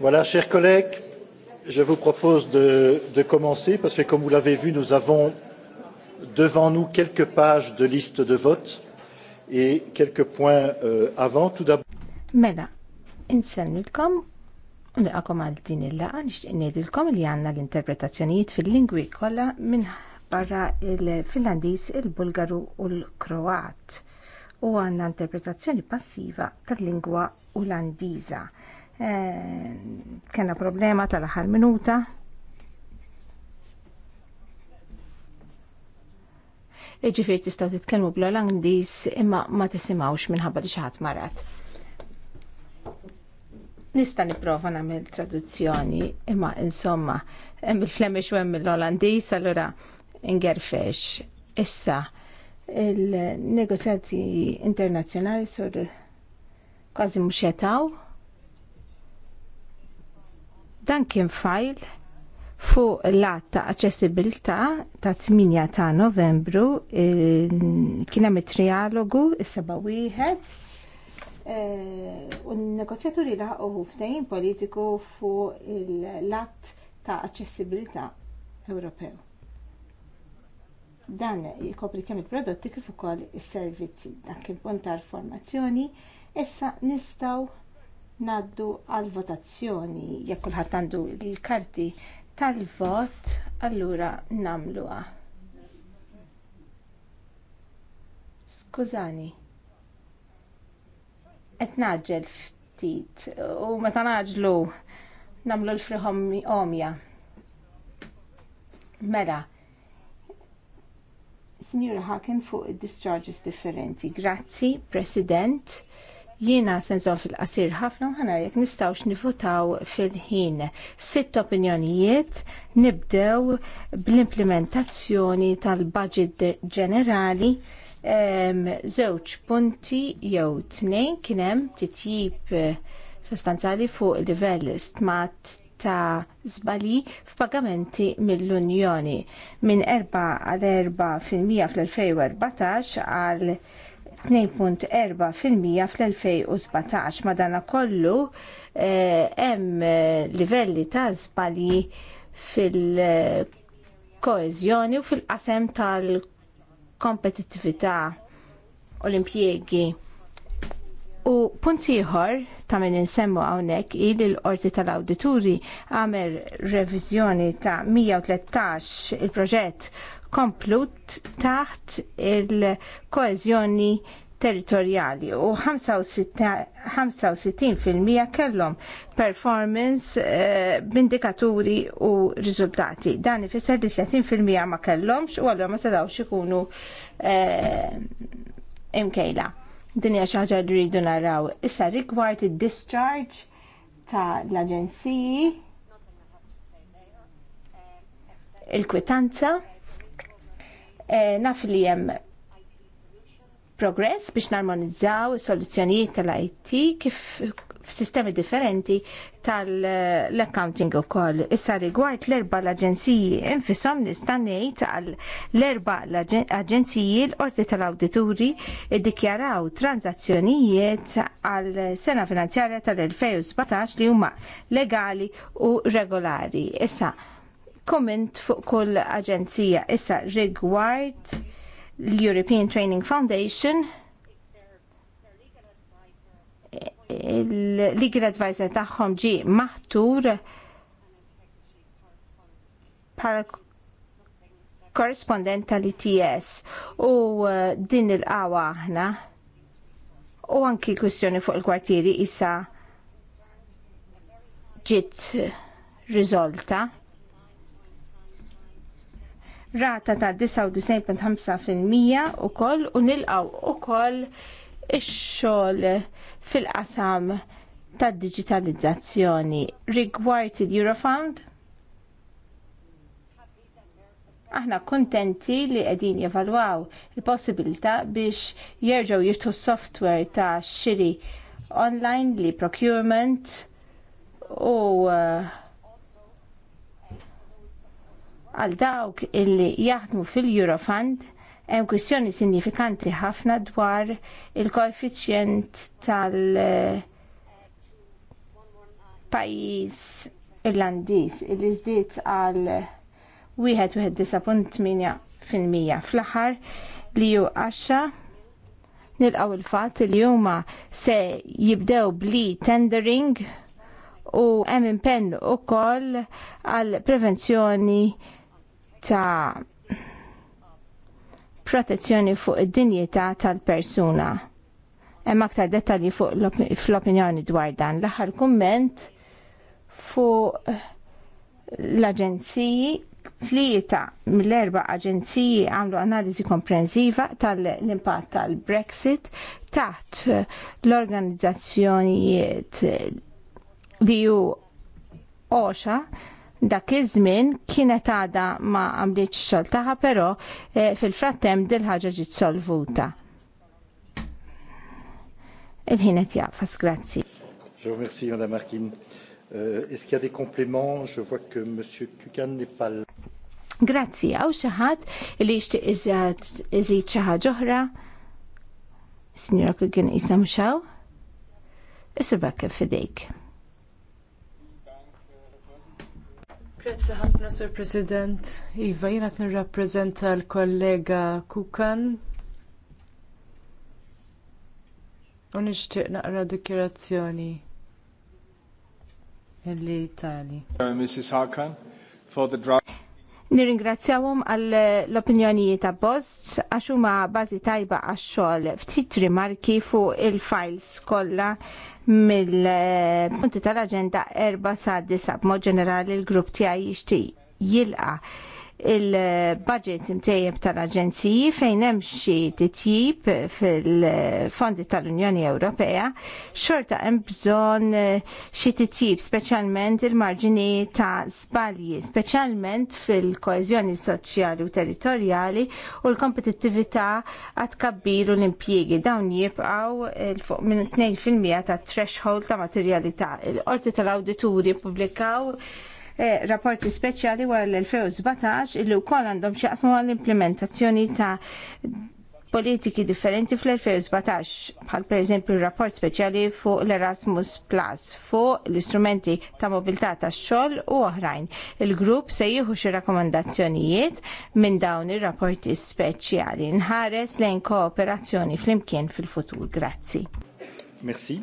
Voilà, chers collègues, je vous propose de, de commencer parce que, comme vous l'avez vu, nous avons devant nous quelques pages de liste de vote et quelques points euh, avant. Tout d'abord. Mela, insemmilkom Nilqakom għal din il-laqa nixtieq ngħidilkom li għandna l-interpretazzjonijiet fil-lingwi kolla minn barra il finlandis il-Bulgaru u l-Kroat u għandna interpretazzjoni passiva tal-lingwa Ulandiża. Eh, kena problema tal-aħħar minuta. Iġifiri tistaw titkellmu bl-Olandiż imma ma tisimawx minħabba li xi ħadd marat. Nista' nipprova nagħmel traduzzjoni imma insomma hemm il-Flemish u hemm l-Olandis allura ingerfex. Issa il-negozjati internazzjonali sur kważi mhux jetaw Dan kien fajl fuq l-att ta' aċċessibilità ta' 8 ta' Novembru kien hemm trialogu is-seba' wieħed eh, u n-negozjaturi laħqu ftehim politiku fuq l-att ta' aċċessibilità Ewropew. Dan jkopri kemm il-prodotti kif ukoll is-servizzi. Dak kien punt ta' formazzjoni issa nistgħu naddu għal votazzjoni jekk kulħadd għandu l-karti tal-vot allura nagħmluha. Skużani. Qed naġġel ftit u meta naġlu nagħmlu l-friħom omja. Mela, Signora Haken fuq id discharges differenti. Grazzi, President. Jiena senżon fil-qasir ħafna u ħanar jek nistawx nifutaw fil-ħin. Sitt opinjonijiet nibdew bl-implementazzjoni tal-budget ġenerali żewġ punti jew tnejn kien hemm titjib eh, sostanzjali fuq livell stmat ta' zbali f'pagamenti mill-Unjoni minn 4 għal 4 fil-mija fl-2014 għal 2.4 fil-mija fl-2017 madana kollu eh, hemm eh, livelli ta' żbalji fil-koeżjoni u fil-qasem tal-kompetittività u l-impjiegi. U punt ieħor ta' min insemmu hawnhekk il l-Qorti tal-Awdituri għamel reviżjoni ta' 113 il-proġett komplut taħt il-koezjoni territorjali u 65% kellhom performance eh, b'indikaturi u riżultati. Dan ifisser li 30% ma kellhomx u għallu ma setgħux ikunu eh, imkejla. Din hija xi ħaġa rridu naraw. Issa rigward id-discharge ta' l-aġenziji il-kwitanza Eh, naf li hemm progress biex narmonizzaw is-soluzzjonijiet tal-IT kif f'sistemi differenti tal-accounting ukoll. Issa rigward l-erba l-aġenziji infisom nista' ngħid għal l-erba l-aġenziji l orti tal-Awdituri dikjaraw tranzazzjonijiet għal sena finanzjarja tal-2017 li huma legali u regolari. Issa komment fuq kull aġenzija. Issa rigward l-European Training Foundation il-legal advisor tagħhom ġi maħtur bħala korrespondent tal-ITS u uh, din il-qawa aħna u anki kwistjoni fuq il-kwartieri issa ġiet riżolta rata ta' 99.5% u koll u nilqaw u koll ix-xogħol fil-qasam tad digitalizzazzjoni rigward il-Eurofund. Aħna kontenti li qegħdin jevalwaw il-possibilità biex jerġgħu jirtu software ta' xiri online li procurement u uh, għal dawk illi jaħdmu fil-Eurofund hemm kwistjoni sinifikanti ħafna dwar il-koeffiċjent tal- pajjiż Irlandiż illi żdied għal wieħed fl-aħħar li ju 10 nilqaw il-fatt li huma se jibdew bli tendering u hemm impenn ukoll għal prevenzjoni ta' protezzjoni fuq id-dinjità tal-persuna. Hemm aktar dettalji fuq fl-opinjoni dwar dan. L-aħħar kumment fuq l-aġenziji flieta mill-erba' aġenziji għamlu analiżi komprensiva tal-impatt tal-Brexit taħt l-organizzazzjonijiet li OSHA dak iż-żmien kienet għada ma għamlitx xogħol tagħha però e, eh, fil-frattem dil ħaġa ġiet solvuta. Il-ħin qed jaqfas, grazzi. Je remercie Madame Arkin. Euh, Est-ce qu'il y a des compléments? Je vois que Monsieur Kukan n'est pas là. Grazzi, għaw xaħat li jishtiq iżid xaħat ġohra. Signora Kukan, jisna mxaw? Isibak fidejk. Grazzi ħafna, Sur President. Iva, jina nirrappreżenta l-kollega Kukan. U nixtieq naqra dikjerazzjoni illi tali. Mrs. Hakan, for the drug. Nirringrazzjawhom għall l-opinjonijiet ta' Bost għax huma bażi tajba għax xogħol ftit rimarki fuq il-files kollha mill-punti tal-aġenda erba' sa' disa' b'mod ġenerali l-grupp tiegħi jixtieq jilqa' il-budget imtejjeb tal-aġenziji fejn hemm xi titjib fil-fondi tal-Unjoni Ewropea, xorta hemm bżonn eh, xi titjib speċjalment il-marġini ta' żbalji, speċjalment fil-koeżjoni soċjali u territorjali u l-kompetittività għad kabbir u l-impjiegi dawn jibqgħu fuq minn 2% tat threshold ta' materjalità. Il-qorti tal-awdituri ppubblikaw E, rapporti speċjali wara l-2017 illi wkoll għandhom xaqsmu għall-implementazzjoni ta' politiki differenti fl-2017 bħal pereżempju rapport speċjali fuq l-Erasmus Plus fuq l-istrumenti ta' mobilità tax-xogħol u oħrajn. Il-grupp se jieħu xi rakkomandazzjonijiet minn dawn ir-rapporti speċjali nħares lejn kooperazzjoni flimkien fil-futur. Grazzi. Merci.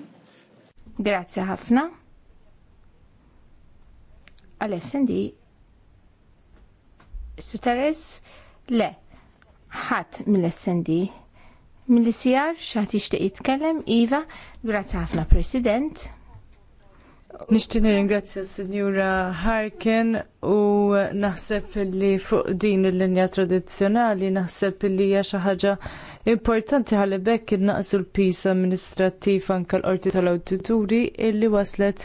Grazzi ħafna għal-SND Suteres le ħadd mill-SND mill-ICR xaħat jixtieq jitkellem Iva, grazzi ħafna President. Nishtin ringrazzja Signora Harkin u naħseb li fuq din il-linja tradizjonali naħseb li hija xi ħaġa importanti ħalli bekk innaqsu l-pis amministrattiv anka l-qorti tal-awdituri illi waslet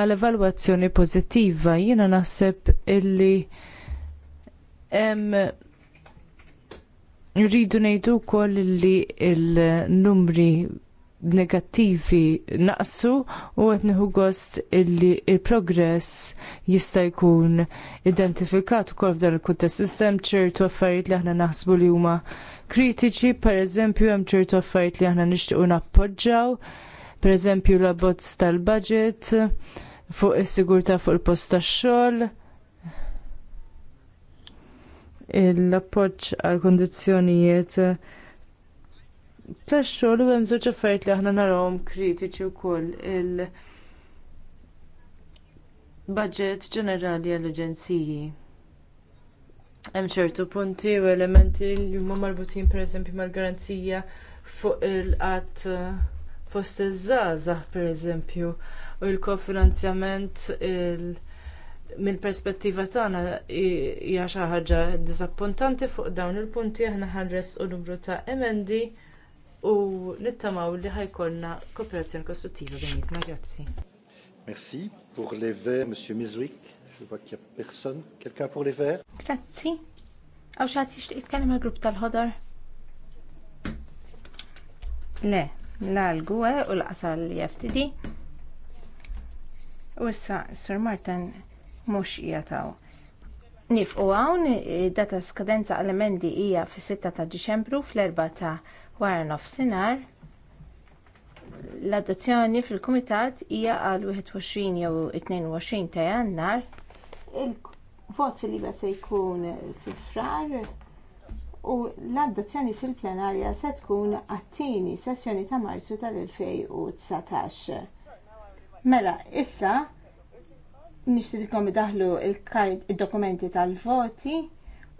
għal evalwazzjoni pożittiva. Jiena naħseb illi hemm Rridu ngħidu wkoll li il numri negattivi naqsu u għet nħu gost illi il-progress jista' jkun identifikat ukoll f'dan il-kuntest. Issa hemm ċertu affarijiet li aħna naħsbu li huma kritiċi, pereżempju hemm ċertu affarijiet li aħna nixtiequ nappoġġjaw, pereżempju l-abbozz tal-budget fuq is-sigurtà fuq il-post tax-xogħol l-appoġġ għal kundizzjonijiet tax-xogħol u hemm żewġ affarijiet li aħna narawhom kritiċi wkoll il budget ġenerali għall-aġenziji. Hemm ċertu punti u elementi li huma marbutin pereżempju mal-garanzija fuq il-qatt fost iż-żgħażagħ pereżempju u l-kofinanzjament il mill-perspettiva tagħna hija xi ħaġa diżappuntanti fuq dawn il-punti aħna ħarres u numru ta' emendi u nittamaw li ħajkolna kooperazzjoni kostruttiva bejnietna. Grazzi. Merci. Pour les verts, Monsieur Mizwick, je vois qu'il n'y a personne. Quelqu'un pour les verts Grazzi. Għaw xaħat jishtiq jitkellem il-grupp tal-ħodor? Le, la l-gwe u l-qasal l-FTD. U issa, Sir Martin, mux jgħataw. Nif u għawn, data skadenza għal-emendi hija fis-6 ta' Diċembru fl-4 ta' wara nofsinhar l-adozzjoni fil-Kumitat hija għal 21 jew 22 ta' Jannar. Il-vot fil-liba se jkun fil-frar u l-adozzjoni fil-plenarja se tkun għat-tieni sessjoni ta' Marzu tal-2019. Mela, issa nixtiekom daħlu il-dokumenti tal-voti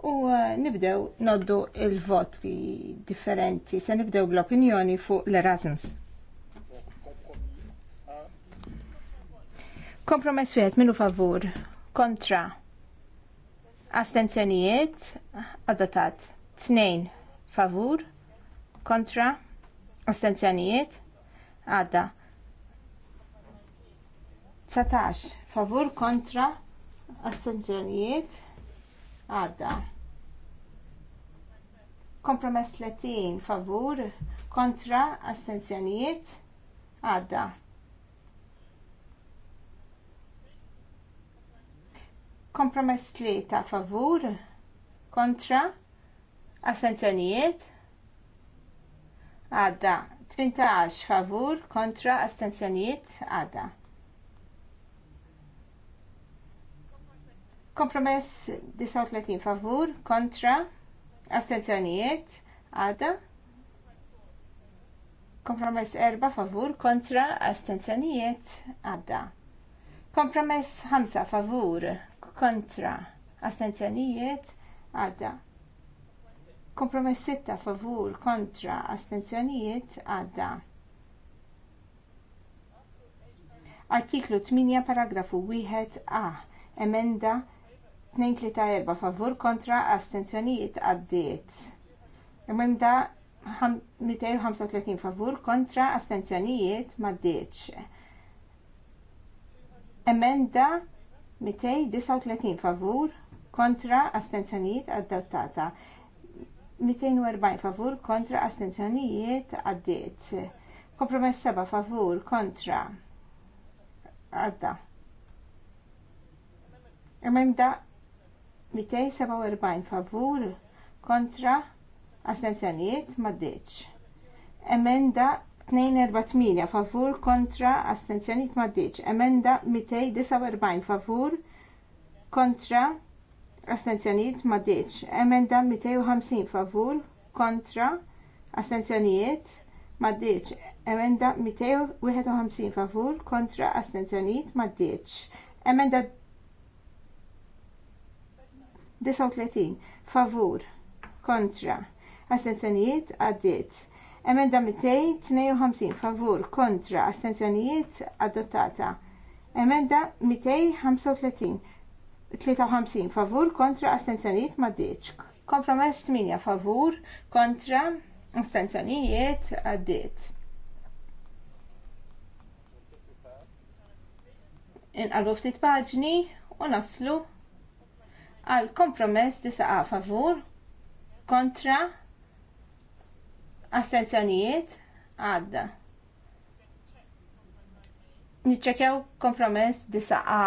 u eh, nibdew noddu il-voti differenti. Se nibdew bl-opinjoni fuq l-Erasmus. Kompromess wieħed minnu favur, kontra, astenzjonijiet, adatat. tnejn favur, kontra, astenzjonijiet, għadda. 19 favur kontra astenzjonijiet għadda. Kompromess 30 favur kontra astenzjonijiet għadda. Kompromess 3 favur kontra astenzjonijiet għadda. 18 favur kontra astenzjonijiet għadda. Kompromess 39 favur kontra astenzjonijiet għada. Kompromess 4 favur kontra astenzjonijiet għadda. Kompromess 5 favur kontra astenzjonijiet għada. Kompromess 6 favur kontra astenzjonijiet għadda. Artiklu 8 paragrafu 1 A emenda 2-3-4 favur kontra astenzjonijiet għaddiet. Emenda 235 favur kontra astenzjonijiet maddiċ. Emenda 239 favur kontra astenzjonijiet adottata. 240 favur kontra astenzjonijiet għaddiet. Kompromess 7 favur kontra għadda. Emenda 247 favur kontra astenzjoniet maddeċ. Emenda 248 favur kontra astenzjoniet maddeċ. Emenda 249 favur kontra astenzjoniet maddeċ. Emenda 250 favur kontra astenzjonijiet maddeċ. Emenda 251 favur kontra astenzjoniet maddeċ. Emenda 39 favur kontra astenzjonijiet għaddiet. Emenda 252 favur kontra astenzjonijiet adottata. Emenda 235 53 favur kontra astenzjonijiet maddiċ. Kompromess 8 favur kontra astenzjonijiet għaddiet. Inqalbu ftit paġni u naslu għal kompromess saqa favur kontra astenzjonijiet għadda. Niċċekjaw kompromess disaqa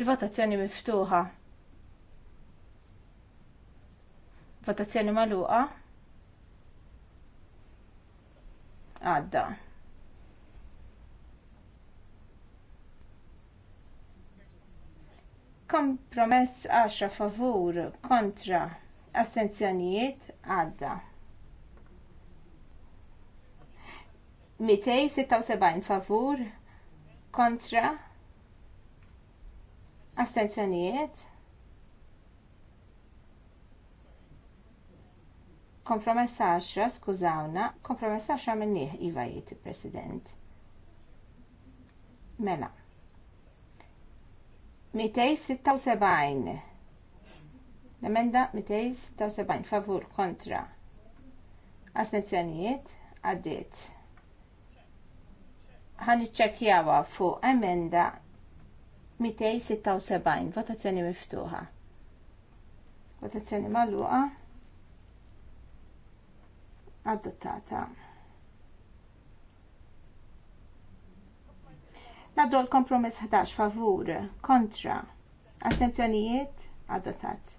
il-votazzjoni miftuħa. Votazzjoni maluqa. Għadda. Kompromess 10 favur kontra astenzjonijiet għadda. 276 favur kontra astenzjonijiet kompromess għaxa, skużawna kompromess minn minnih iva jgħid il-President mela 276 l-emenda 276 favur kontra astenzjonijiet Għaddit. Għan iċċekjawa fuq emenda 276 votazzjoni miftuħa votazzjoni magħluqa adottata Naddu l-kompromess 11 favur kontra astenzjonijiet adottat.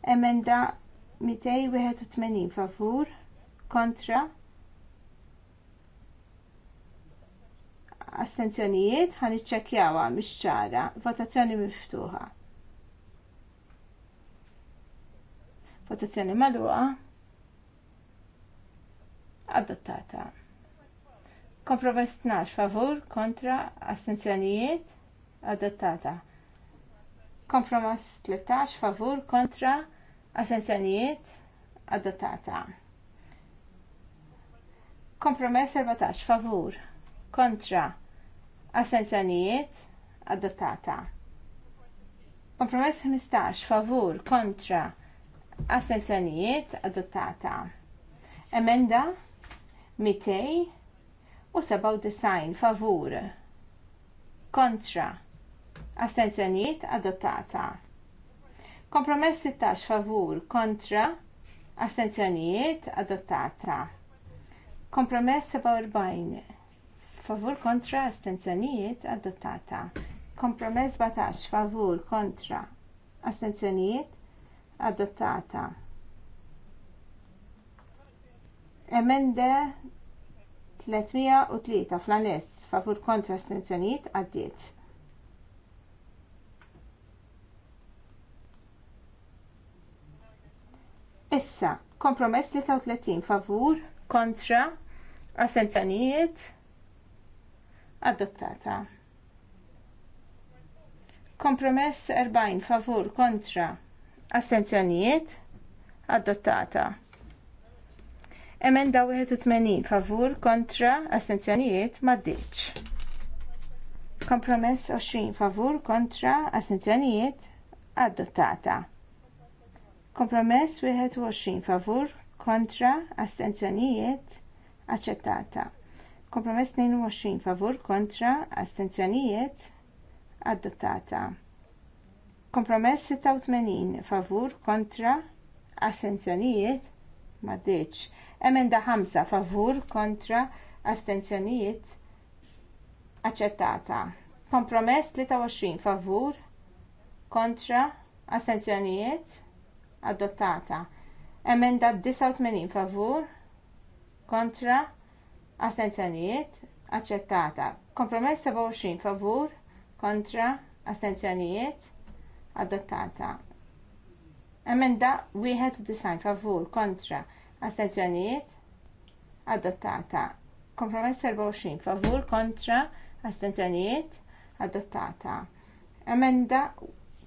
Emenda 281 favur kontra astenzjonijiet ħan iċċekjawha mhix ċara, votazzjoni miftuħa. Votazzjoni magħluqa adottata. Komprovestnax favur kontra astenzjonijiet adottata. Kompromess 13 favur kontra astenzjonijiet adottata. Kompromess 14 favur kontra astenzjonijiet adottata. Kompromess 15 favur kontra astenzjonijiet adottata. Emenda 200 u 97 favur kontra astenzjonijiet adottata. Kompromess 16 favur kontra astenzjonijiet adottata. Kompromess 47 favur kontra astenzjonijiet adottata. Kompromess 17 favur kontra astenzjonijiet adottata. Emende 303 fl-aness favur kontra astenzjonijiet għaddiet. Issa, kompromess 33 favur kontra astenzjonijiet adottata. Kompromess 40 favur kontra astenzjonijiet adottata. Emenda 81 favur kontra astenzjonijiet maddiċ. Kompromess 20 favur kontra astenzjonijiet adottata. Kompromess 21 favur kontra astenzjonijiet aċċettata. Kompromess 22 favur kontra astenzjonijiet adottata. Kompromess 86 favur kontra astenzjonijiet maddiċ. Emenda 5 favur kontra astenzjonijiet aċċettata. Kompromess 23 favur kontra astenzjonijiet adottata. Emenda 89 favur kontra astenzjonijiet aċċettata. Kompromess 27 favur kontra astenzjonijiet adottata. Emenda 91 favur kontra astenzjonijiet adottata. Kompromess 24 favur kontra astenzjonijiet adottata. Emenda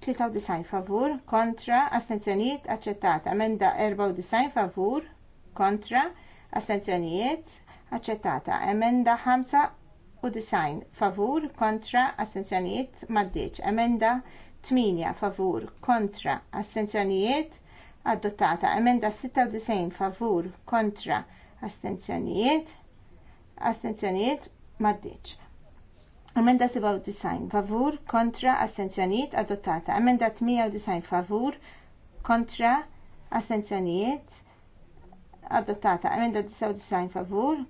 93 favur kontra astenzjonijiet aċċettata. Emenda 94 favur kontra astenzjonijiet aċċettata. Emenda 5 u design favur kontra astenzjonijiet Maddeċ. Emenda 8 favur kontra astenzjonijiet adottata. Emenda 96 favur kontra astenzjonijiet. Astenzjonijiet maddiċ. Emenda 97 favur kontra astenzjonijiet adottata. Emenda 98 favur kontra astenzjonijiet adottata. Emenda 99 favur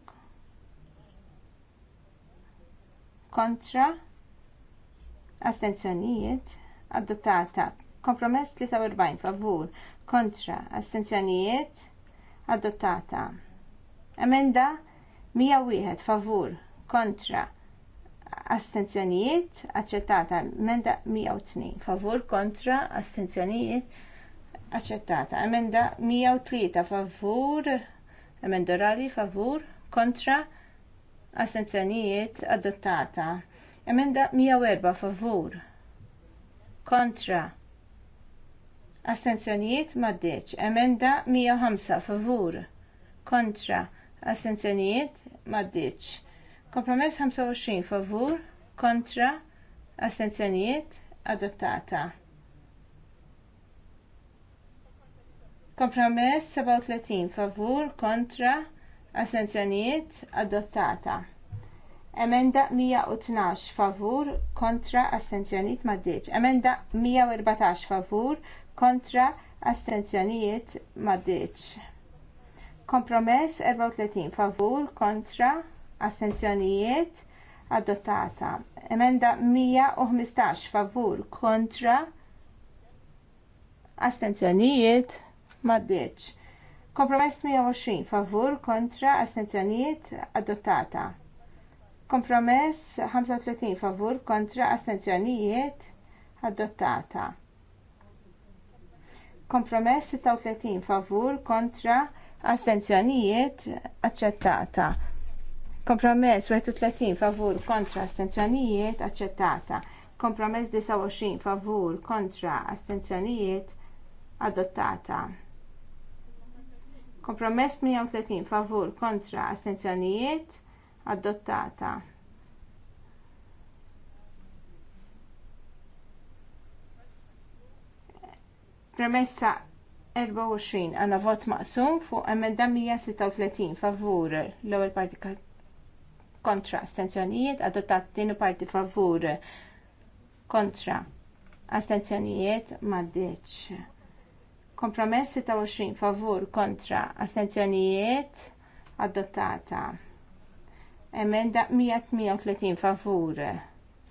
kontra astenzjonijiet adottata. Kompromess 43 favur kontra astenzjonijiet adottata. Emenda 101 favur kontra astenzjonijiet aċċettata. Emenda 102 favur kontra astenzjonijiet aċċettata. Emenda 103 favur emenda orali favur kontra astenzjonijiet adottata. Emenda 104 favur kontra astenzjonijiet maddeċ. Emenda 105 favur kontra astenzjonijiet maddeċ. Kompromess 25 favur kontra astenzjonijiet adottata. Kompromess 37 favur kontra astenzjonijiet adottata. Emenda 112 favur kontra astenzjonijiet maddeċ. Emenda 114 favur kontra astenzjonijiet maddiċ. Kompromess 34 favur kontra astenzjonijiet adottata. Emenda 115 favur kontra astenzjonijiet maddiċ. Kompromess 120 favur kontra astenzjonijiet adottata. Kompromess 35 favur kontra astenzjonijiet adottata. Kompromess 36 favur kontra astenzjonijiet aċċettata. Kompromess 31 favur kontra astenzjonijiet aċċettata. Kompromess 29 favur kontra astenzjonijiet adottata. Kompromess 130 favur kontra astenzjonijiet adottata. Premessa 24 għanna vot maqsum fuq emenda 136 favur l-ewwel parti kontra astenzjonijiet, adottat tieni parti favur kontra astenzjonijiet maddeċ. Kompromess 26 favur kontra astenzjonijiet adottata. Emenda 138 favur.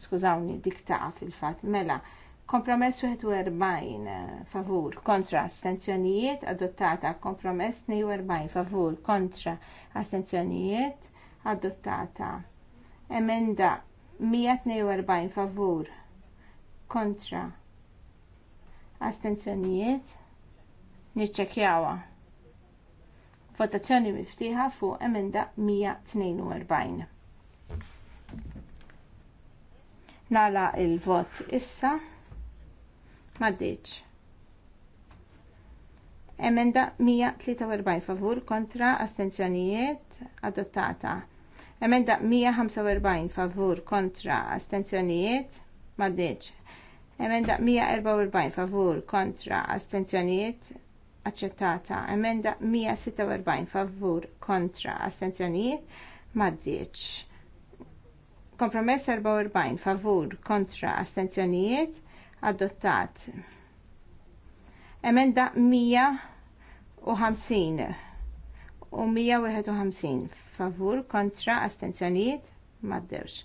Skużawni, dikta fil-fat. Mela, Kompromess 41 eh, favur kontra astenzjonijiet adottata. Kompromess 42 favur kontra astenzjonijiet adottata. Emenda 142 favur kontra astenzjonijiet niċċekjawa. Votazzjoni miftiħa fuq emenda 142. Nala il-vot issa. Maddiċ. Emenda 143 favur kontra astenzjonijiet adottata. Emenda 145 favur kontra astenzjonijiet maddiċ. Emenda 144 favur kontra astenzjonijiet aċċettata. Emenda 146 favur kontra astenzjonijiet maddiċ. Kompromess 44 favur kontra astenzjonijiet adottat. Emenda 150 u 151 favur kontra astenzjoniet maddewx.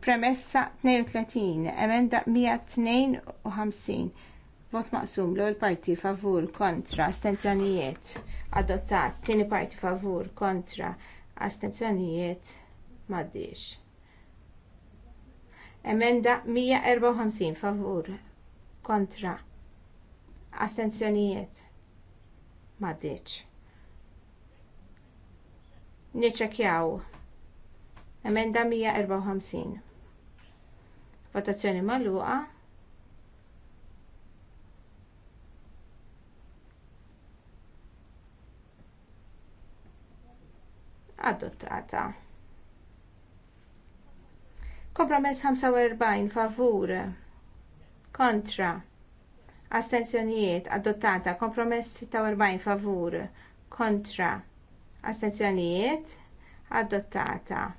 Premessa 32, emenda 152 Vot maqsum l parti favur kontra astenzjonijiet adottat, tieni parti favur kontra astenzjonijiet maddewx. Emenda 154 favur kontra astenzjonijiet maddiċ. Niċċekkjaw. emenda 154. Votazzjoni magħluqa. adottata. Kompromess 45 favur kontra astenzjonijiet adottata. Kompromess 46 favur kontra astenzjonijiet adottata.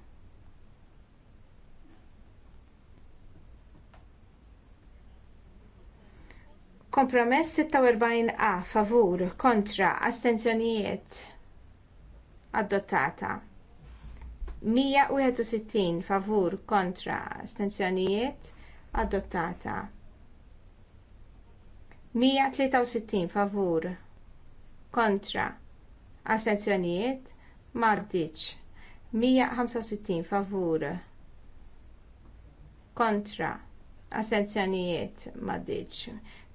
Kompromess 46A favur kontra astenzjonijiet adottata. 161 favur kontra astenzjonijiet adottata. 163 favur kontra astenzjonijiet maddiċ. 165 favur kontra astenzjonijiet maddiċ.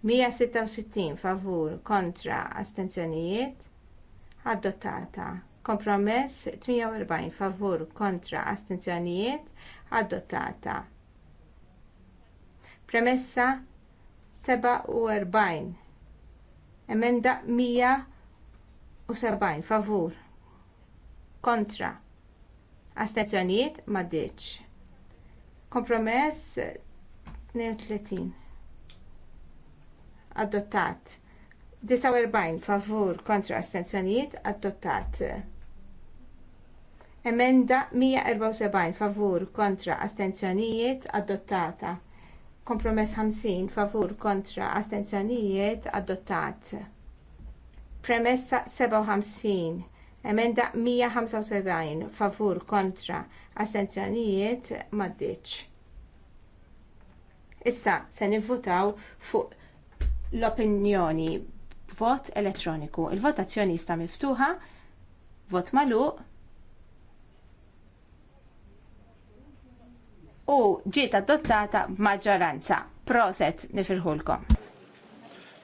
166 favur kontra astenzjonijiet adottata. Kompromess 48 favur kontra astenzjonijiet adottata. Premessa 47. Emenda 170 favur kontra astenzjonijiet maddiċ. Kompromess 32 adottat. 49 favur kontra astenzjonijiet adottat. Emenda 174 favur kontra astenzjonijiet adottata. Kompromess 50 favur kontra astenzjonijiet adottat. Premessa 57. Emenda 175 favur kontra astenzjonijiet maddiċ. Issa se nivvotaw fuq l-opinjoni vot elettroniku. Il-votazzjoni jista' miftuħa, vot magħluq. u ġiet adottata b'maġġoranza. Proset nifirħulkom.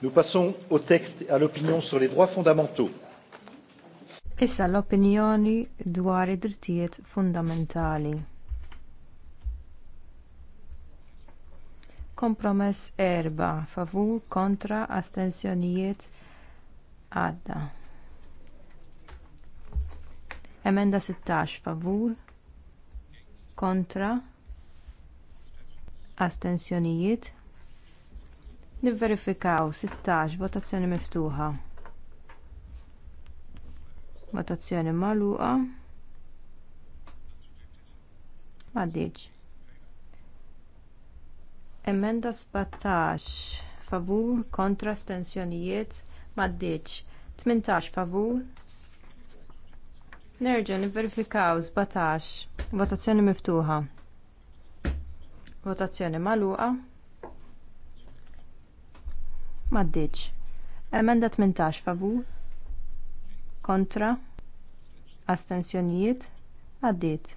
Nous passons au texte à l'opinion sur les droits fondamentaux. Issa l-opinjoni dwar id-drittijiet fundamentali. kompromess erba' favur kontra astensjonijiet għadda emenda 16 favur kontra astensjonijiet nivverifikaw 16 votazzjoni miftuħa votazzjoni magħluqa m'għaddiex emenda 17 favur kontra astensjonijiet m'għaddiex 18 favur nerġa' nivverifikaw 17 votazzjoni miftuħa Votazzjoni magħluqa. Maddiċ. Emenda 18 favur. Kontra. Astensjonijiet. Għaddiet.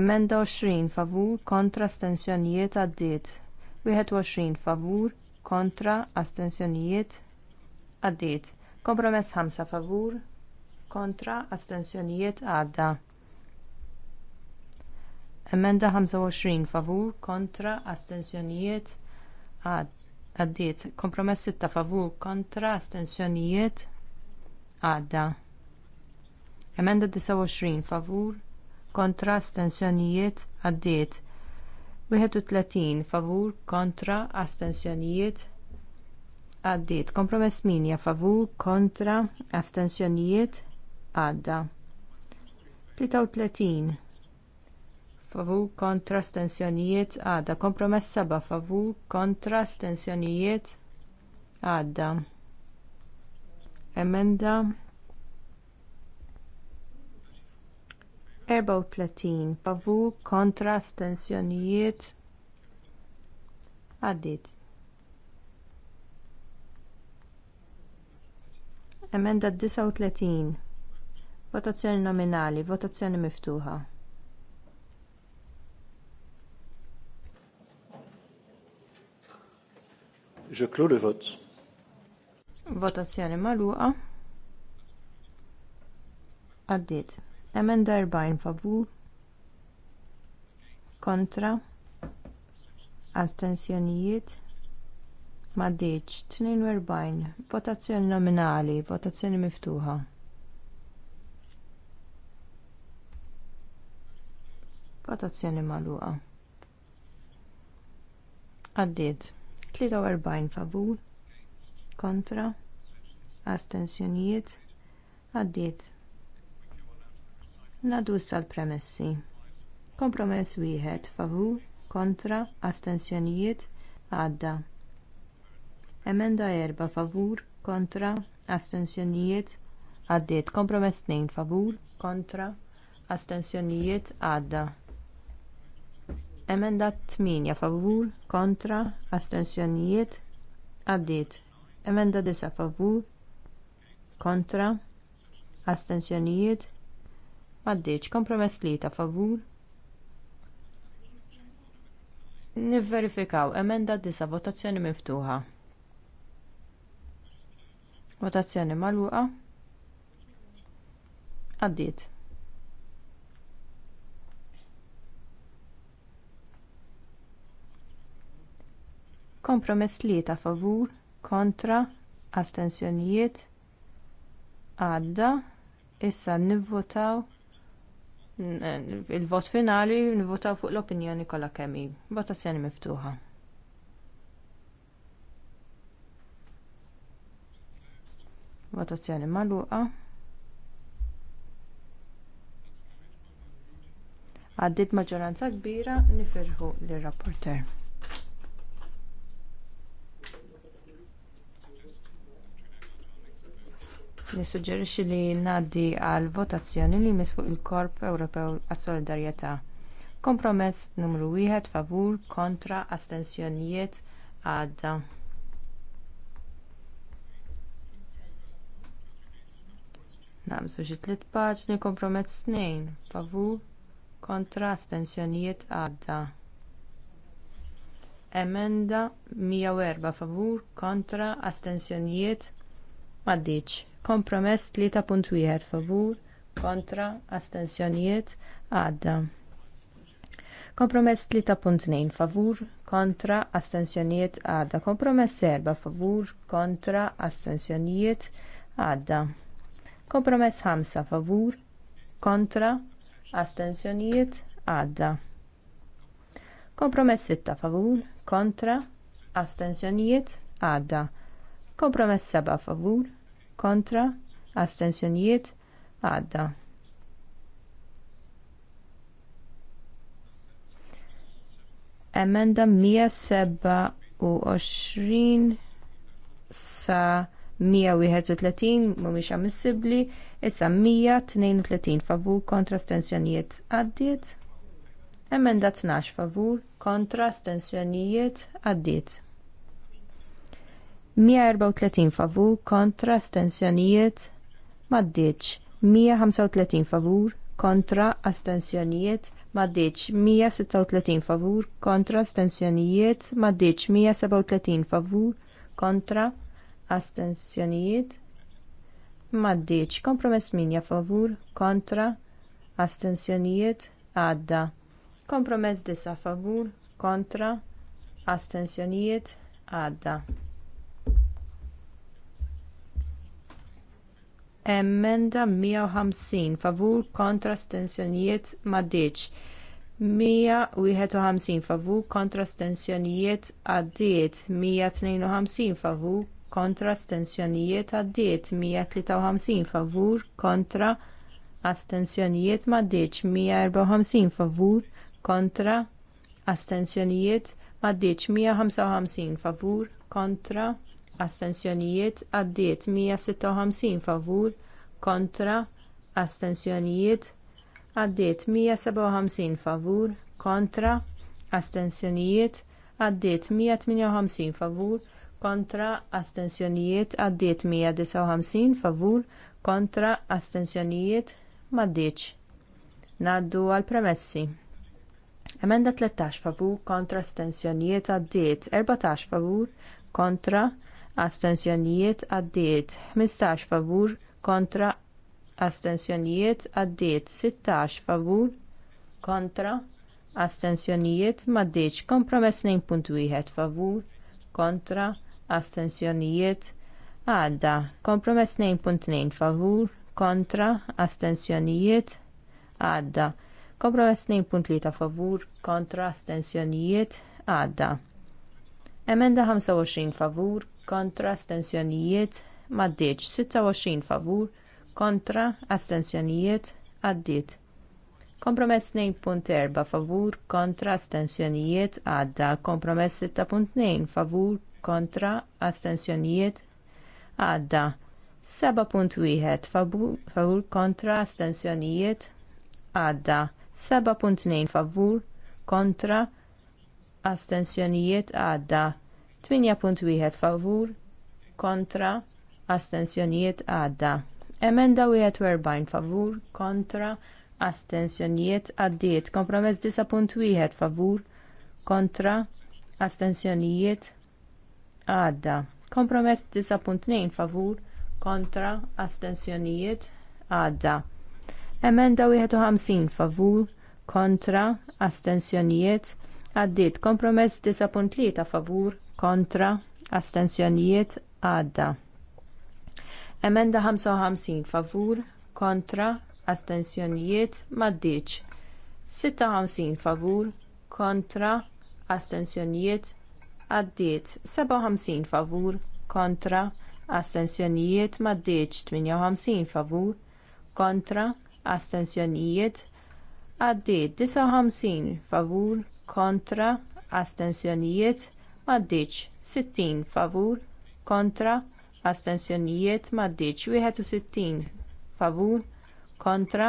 Emenda 20 favur kontra astensjonijiet għaddiet. 21 favur kontra astensjonijiet għaddiet. Kompromess 5 favur kontra astensjonijiet għadda. Emenda 25 favur kontra astensjonijiet għaddiet. Kompromess 6 favur kontra astensjonijiet għadda. Emenda 29 favur kontra astensjonijiet għaddiet. 31 favur kontra astensjonijiet għaddiet. Kompromess minja favur kontra astensjonijiet għadda. 33 favur kontra stensjonijiet għadda. Kompromess saba. favur kontra stensjonijiet għadda. Emenda 34 favur kontra stensjonijiet għaddit. Emenda 39 Votazzjoni nominali, votazzjoni miftuħa. Je clôt le vote. Votazzjoni maluqa. Addit. Emenda 40 favur. Kontra. Astensjonijiet. Maddiċ 42. Votazzjoni nominali. Votazzjoni miftuħa. Votazzjoni maluqa. Għaddiet. 43 favur kontra astensjonijiet għaddiet Nadu l premessi kompromess wieħed favur kontra astensjonijiet għadda emenda erba' favur kontra astensjonijiet għaddiet kompromess 2 favur kontra astensjonijiet għadda Emenda 8 favur kontra astensjonijiet għaddiet. Emenda 9 favur kontra astensjonijiet għaddiet. Kompromess li ta' favur. Nivverifikaw emenda 9 votazzjoni miftuħa. Votazzjoni magħluqa. Għaddiet. Kompromess li ta' favur kontra astensjonijiet għadda issa nivvotaw il-vot finali nivvotaw fuq l-opinjoni kollha kemm hi. Votazzjoni miftuħa. Votazzjoni magħluqa. Għaddit maġġoranza kbira nifirħu l rapporter nissuġġerixxi li ngħaddi għal votazzjoni li jmiss fuq il-Korp Ewropew għas-Solidarjetà. Kompromess numru wieħed favur kontra astensjonijiet għadda. Naqbsu xi tliet paġni kompromess tnejn favur kontra astensjonijiet għadda. Emenda 104 favur kontra astensjonijiet maddiċ. Kompromess 3.1 favur kontra astensjonijiet għadda. Kompromess 3.2 favur kontra astensjonijiet għadda. Kompromess 4 favur kontra astensjonijiet għadda. Kompromess 5 favur kontra astensjonijiet għadda. Kompromess 6 favur kontra astensjonijiet għadda. Kompromess 7 favur kontra, astensjonijiet, għadda. Emenda 127 sa 131 mhumiex ammissibbli, issa 132 favur kontra stensjonijiet għaddiet. Emenda 12 favur kontra stensjonijiet għaddiet. 134 favur kontra astensjonijiet maddiċ 135 favur kontra astensjonijiet maddiċ 136 favur kontra astensjonijiet maddiċ 137 favur kontra astensjonijiet maddiċ kompromess minja favur kontra astensjonijiet għadda kompromess disa favur kontra astensjonijiet għadda Emenda 150 favur kontra stensjonijiet maddiċ. 151 favur kontra stensjonijiet għaddiet. 152 favur kontra stensjonijiet għaddiet. 153 favur kontra astensjonijiet maddiċ. 154 favur kontra astensjonijiet maddiċ. 155 favur kontra astensjonijiet għaddiet 156 favur kontra astensjonijiet għaddiet 157 favur kontra astensjonijiet għaddiet 158 favur kontra astensjonijiet għaddiet 159 favur kontra astensjonijiet m'għaddiex. Ngħaddu għall premessi. Emenda 13 favur kontra astensjonijiet għaddiet 14 favur kontra astensjonijiet għaddiet 15 favur kontra astensjonijiet għaddiet 16 favur kontra astensjonijiet m'għaddiex kompromess 2.1 favur kontra astensjonijiet għadda kompromess 2.2 favur kontra astensjonijiet għadda kompromess 2.3 favur kontra astensjonijiet għadda emenda 25 favur kontra astensjonijiet m'għaddiex 26 favur kontra astensjonijiet għaddiet. Kompromess 2.4 favur kontra astensjonijiet għadda. Kompromess 6.2 favur kontra astensjonijiet għadda. 7.1 favur kontra astensjonijiet għadda. 7.2 favur kontra astensjonijiet għadda. 8.1 favur kontra astensjonijiet għadda. Emenda 41 favur kontra astensjonijiet għaddiet. Kompromess wieħed favur kontra astensjonijiet għadda. Kompromess 9.2 favur kontra astensjonijiet għadda. Emenda 51 favur kontra astensjonijiet għaddiet. Kompromess 9.3 favur kontra astensjonijiet għadda. Emenda 55 favur kontra astensjonijiet maddiċ. 56 favur kontra astensjonijiet għaddiet 57 favur kontra astensjonijiet maddiċ 58 favur kontra astensjonijiet għaddiet 59 favur kontra astensjonijiet maddiċ 60 favur kontra astensjonijiet maddiċ 61 favur kontra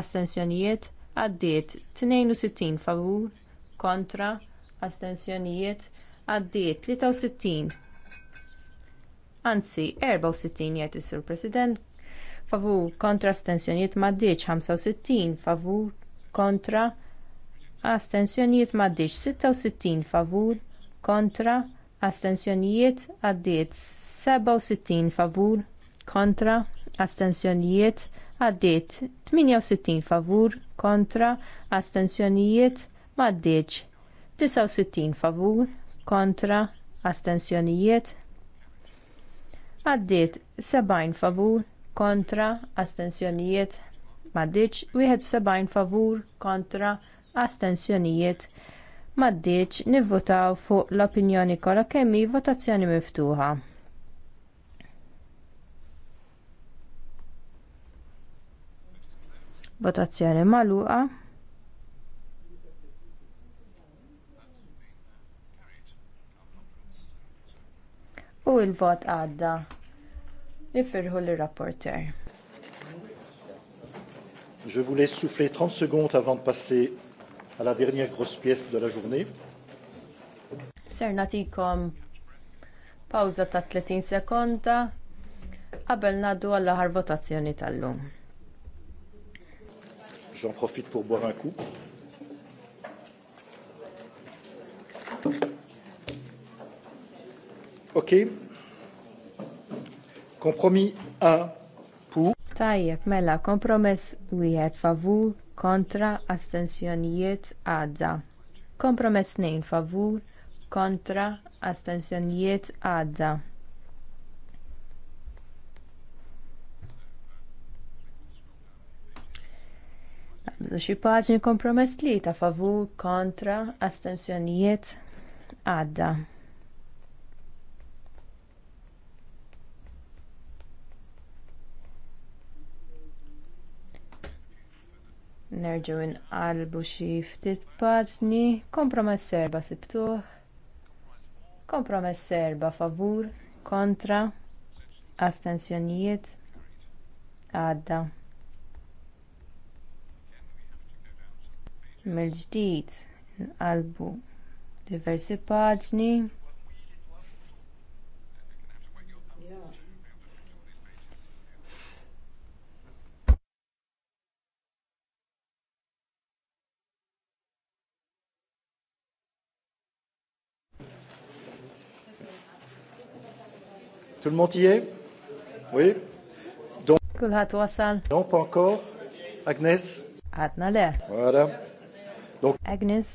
astensjonijiet għaddiet 62 favur kontra astensjonijiet għaddiet 63 anzi 64 jgħid is-sur President favur kontra astensjonijiet maddiċ 65 favur kontra astensjonijiet maddiċ 66 favur kontra astensjonijiet għaddiet 67 favur kontra astensjonijiet għaddiet 68 favur kontra astensjonijiet m'għaddiex 69 favur kontra astensjonijiet għaddiet 70 favur kontra astensjonijiet m'għaddiex 71 favur kontra astensjonijiet maddiċ nivvotaw fuq l-opinjoni kollha kemm hi votazzjoni miftuħa. Votazzjoni magħluqa. U l vot għadda. Nifirħu l-rapporter. Je voulais souffler 30 secondes avant de passer à la dernière grosse pièce de la journée. Ser natikom pawza ta' 30 sekonda qabel naddu għall aħħar votazzjoni tal-lum. J'en profite pour boire un coup. OK. Compromis 1 pour. Tajjeb, mela, kompromess wieħed favur kontra astensjonijiet għadda. Kompromess 2 favur kontra astensjonijiet għadda. Nabżu xi paġni kompromess li ta' favur kontra astensjonijiet għadda. nerġu inqalbu xi ftit paġni, kompromess serba sibtuh, kompromess serba favur, kontra, astensjonijiet, għadda. Mill-ġdid inqalbu diversi paġni. le monde y est Oui Donc. Kulħat wasal. Non, pas encore. Agnes Għadna le. Voilà. Donc. Agnes.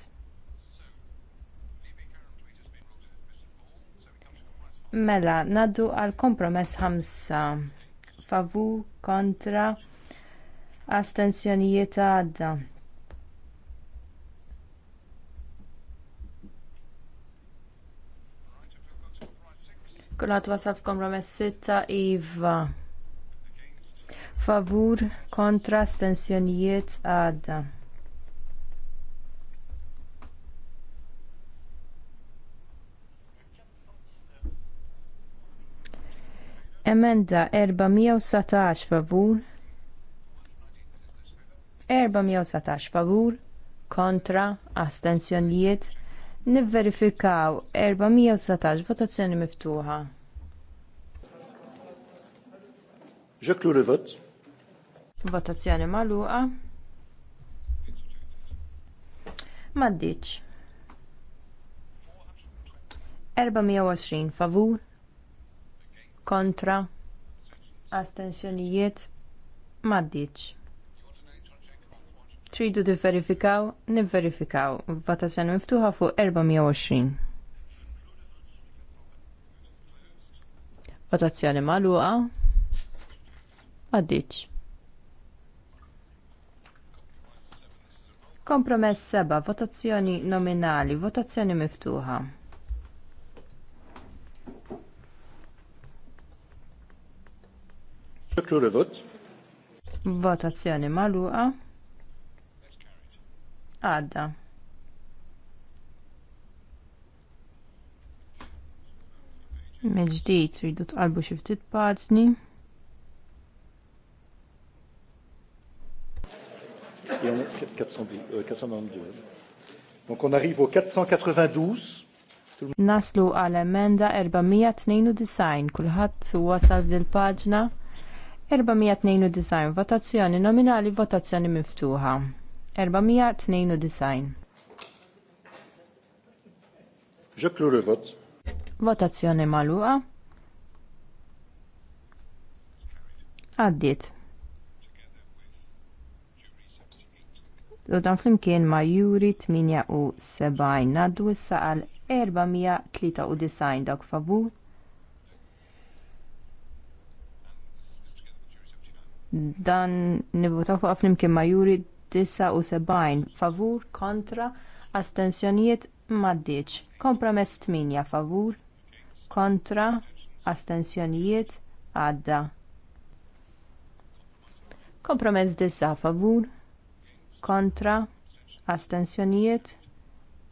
Mela, naddu għal kompromess ħamsa. Favu kontra astensjonijiet għadda. Kulħadd wasal f'kompromess sitta iva. Favur kontra stensjonijiet għadda. Emenda 417 favur. 417 favur kontra astensjonijiet Nivverifikaw 417 votazzjoni miftuħa. Ġeklu rivot. Votazzjoni magħluqa. Maddiċ. 420 favur kontra astensjonijiet maddiċ Tridu verifikaw, nivverifikaw. Votazzjoni miftuħa fuq 420. Votazzjoni magħluqa. Għaddiċ. Kompromess seba' votazzjoni nominali, votazzjoni miftuħa. Votazzjoni magħluqa għadda. Meġdijt rridu tqalbu xi ftit paġni. Euh, Naslu għal emenda 492 kulħadd wasal din paġna 492 votazzjoni nominali votazzjoni miftuħa. 492. Ġeklu rivot. Votazzjoni maluqa. Għaddit. dan flimkien ma' juri 78 naddu issa għal 493 dak favur. Dan nivvotaw fuq flimkien ma' juri 79 favur kontra astensjonijiet maddiċ. Kompromess 8 favur kontra astensjonijiet għadda. Kompromess 9 favur kontra astensjonijiet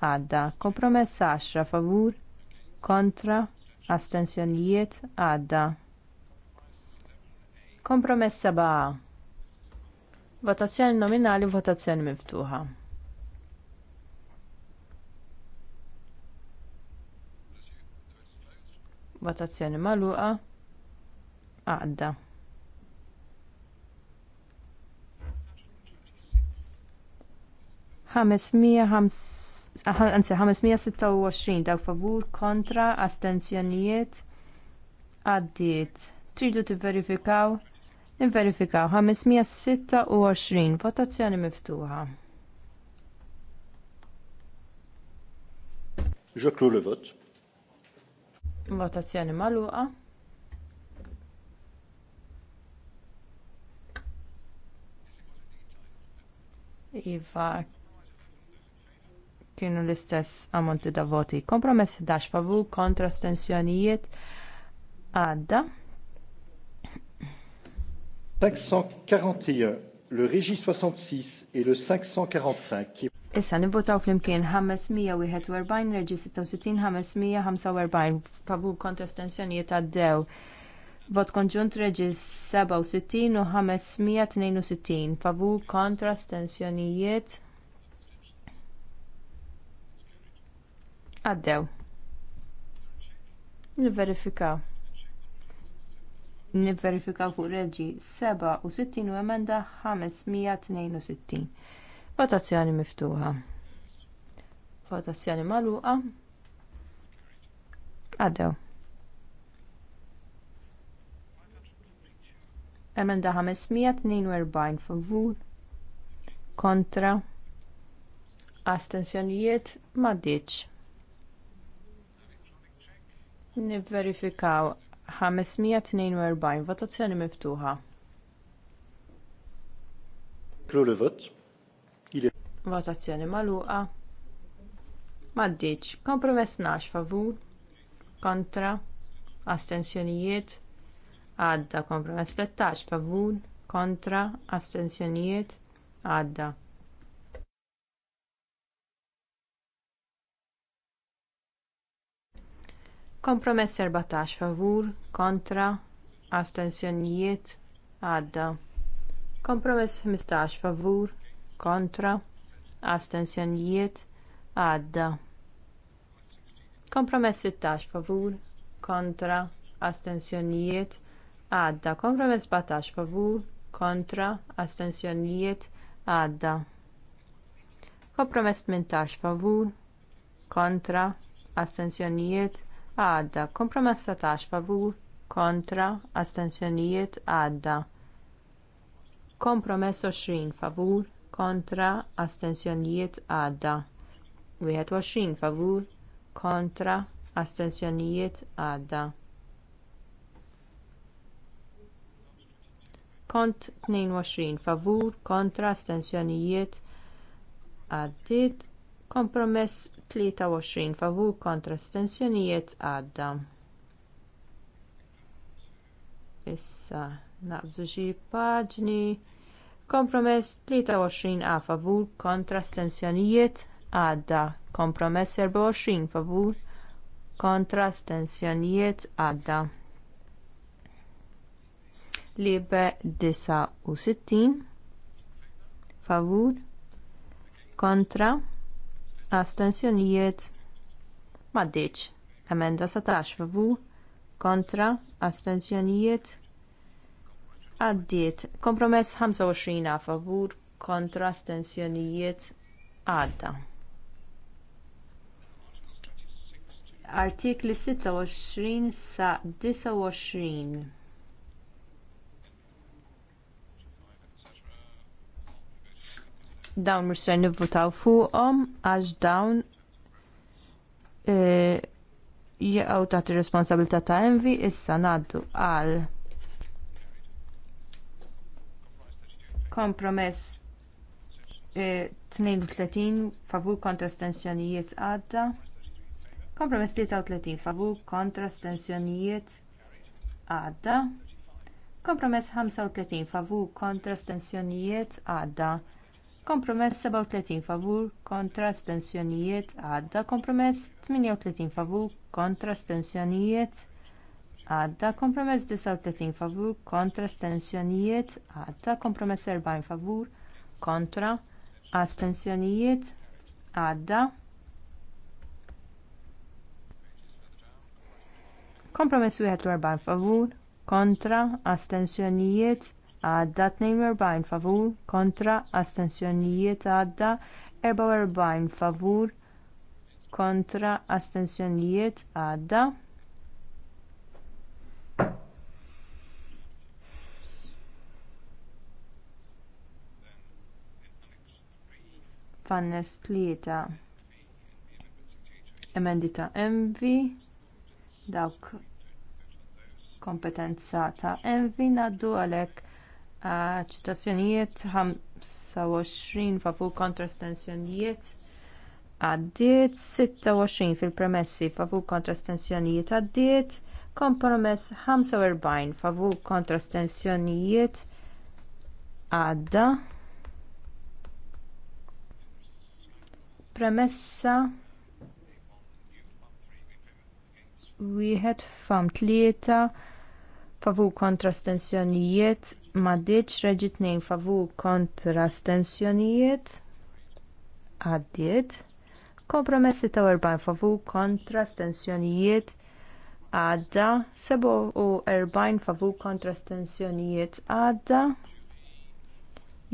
għadda. Kompromess 10 favur kontra astensjonijiet għadda. Kompromess 7 Votazzjoni nominali, votazzjoni miftuħa. Votazzjoni magħluqa. Għadda. Anzi, 526 daw favur kontra astenzjonijiet għaddiet. Tridu tivverifikaw verifikaw Nverifikaw 526 votazzjoni miftuħa. Je li le Votazzjoni magħluqa. Iva kienu l-istess ammonti da voti. Kompromess 11 favur kontra stensjonijiet għadda. 541, le Régis 66 et le 545. Issa nivvotaw flimkien 541, Régis 66, 545, favur kontra stensjonijiet għaddew. Vot konġunt Régis 67 u 562, favur kontra stensjonijiet għaddew. Nivverifikaw nivverifikaw fuq reġi 67 u emenda 562. Votazzjoni miftuħa. Votazzjoni magħluqa. Għaddew. Emenda 542 favur kontra astensjonijiet ma' ditx. Nivverifikaw 542 votazzjoni miftuħa. Kluri vot. Votazzjoni magħluqa. Maddiċ, kompromess nax favur, kontra, astensjonijiet, għadda kompromess 13 favur, kontra, astensjonijiet, għadda. Kompromess 14 favur kontra astensjonijiet għadda. Kompromess 15 favur kontra astensjonijiet għadda. Kompromess 16 favur kontra astensjonijiet għadda. Kompromess 17 favur kontra astensjonijiet għadda. Kompromess 18 favur kontra astensjonijiet għadda għadda. Kompromess 17 favur kontra astensjonijiet għadda. Kompromess 20 favur kontra astensjonijiet għadda. 21 favur kontra astensjonijiet għadda. kont 22 favur kontra astensjonijiet għaddit kompromess 23 favur kontra stensjonijiet għadda. Issa naqbżu xie paġni. Kompromess 23 a favur kontra stensjonijiet għadda. Kompromess 24 favur kontra stensjonijiet għadda. Libe 69 favur kontra stensjonijiet astensjonijiet maddiċ. Emenda 17 Favu. kontra astensjonijiet għaddiet. Kompromess 25 a favur kontra astensjonijiet għadda. Artikli 26 sa 29 dawn mhux ser nivvutaw fuqhom għax dawn e, jaqgħu taħt ir-responsabilità ta' Envi issa ngħaddu għal kompromess e, 32 favur kontra stensjonijiet għadda. Kompromess 33 favur kontra stensjonijiet għadda. Kompromess 35 favur kontra stensjonijiet għadda. Kompromess 37 favur kontra stensjonijiet għadda. Kompromess 38 favur kontra stensjonijiet għadda. Kompromess 39 favur kontra stensjonijiet għadda. Kompromess 40 favur kontra astensjonijiet għadda. Kompromess 41 favur kontra astensjonijiet għadda 42 favur kontra astensjonijiet għadda 44 favur kontra astensjonijiet għadda fannes tlieta emendita envi dawk kompetenza ta' envi naddu għalek Ċitazzjonijiet 25 favur kontra stenzjonijiet għaddiet 26 fil-premessi favur kontra stenzjonijiet għaddiet kompromess 45 favur kontra stenzjonijiet għadda premessa wieħed fam tlieta favur kontra stenzjonijiet Maddiċ reġit nejn favur kontra stensjonijiet. Għaddiet. Kompromessi ta' 40 favur kontra stensjonijiet. Għadda. 47 favur kontra stensjonijiet. Għadda.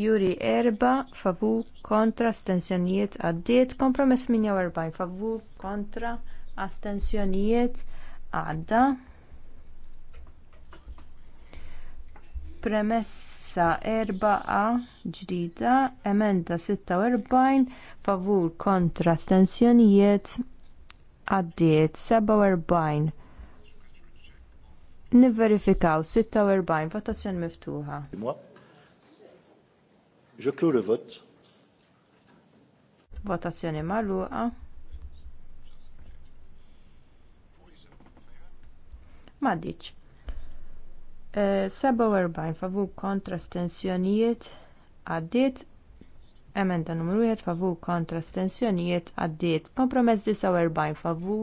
Juri erba' favur kontra astensjonijiet għaddiet, kompromess 48 favur kontra astensjonijiet għadda. Premessa 4A ġdida, emenda 46, favur kontra stensjonijiet għaddiet 47. Niverifikaw 46, votazzjoni miftuħa. Je clôt le vote. Votazzjoni magħluqa. Ma' diċ. 47 eh, favu kontra stensjonijiet għaddiet emenda numru 1 favu kontra stensjonijiet għaddiet kompromess 49 favu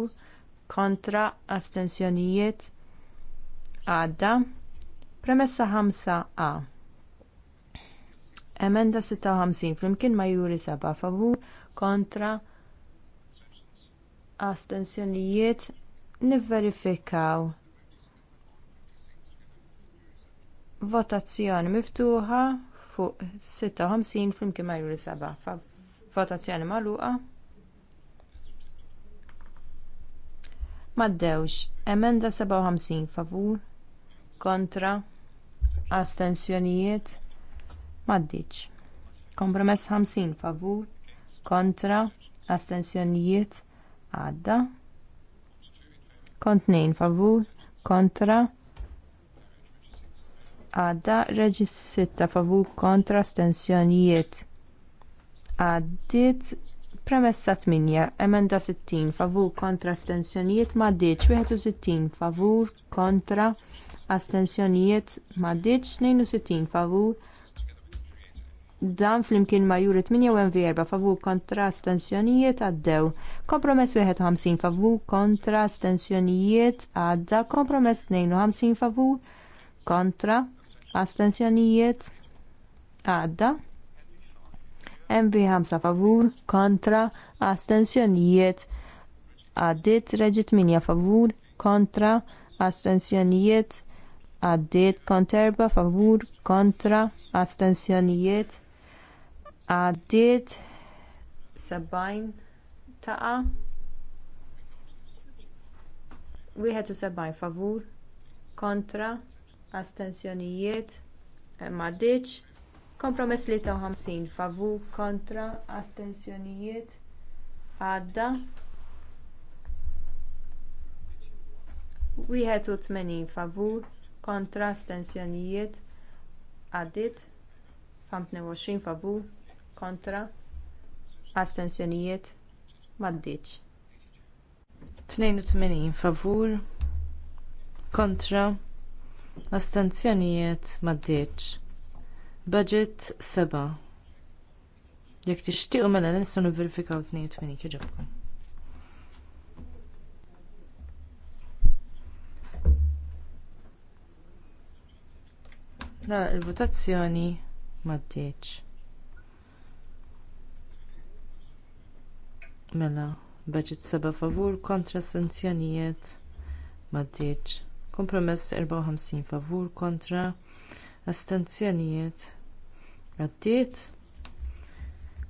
kontra astensjonijiet għadda premessa 5a emenda 56 flimkien ma juri 7 favu kontra astensjonijiet nivverifikaw Votazzjoni miftuħa fuq 56 flimkien ma' juri 7. Votazzjoni magħluqa. Maddewx, emenda 57 favur, kontra, astensjonijiet, maddiċ. Kompromess 50 favur, kontra, astensjonijiet, għadda. Kont 2 favur, kontra, għadda reġis favur kontra stensjonijiet għaddit premessa 8 emenda 60 favur kontra astensjonijiet m'għaddiex 61 favur kontra astensjonijiet m'għaddiex 62 favur dan flimkien ma' juri 48 favur kontra astensjonijiet għaddew. Kompromess 51 favur kontra astensjonijiet għadda. Kompromess 52 favur kontra astensjonijiet għadda MV5 favur kontra astensjonijiet għaddit reġit minja favur kontra astensjonijiet għaddit konterba favur kontra astensjonijiet għaddit 70 taqa 71 favur kontra astensjonijiet eh, m'għaddiċ. Kompromess li ta' 50 favur kontra astensjonijiet għadda. 81 favur kontra astensjonijiet għaddit. 25 favur kontra astensjonijiet m'għaddiċ. 82 favur kontra Astenzjonijiet maddiċ. Budget 7. Jekk tixtiequ mela nistgħu nivverifikaw 82 jiġobkom. Nara il-votazzjoni maddiċ. Mela, budget seba' favur kontra sanzjonijiet maddiċ. Kompromess 54 favur kontra astenzjonijiet għaddiet.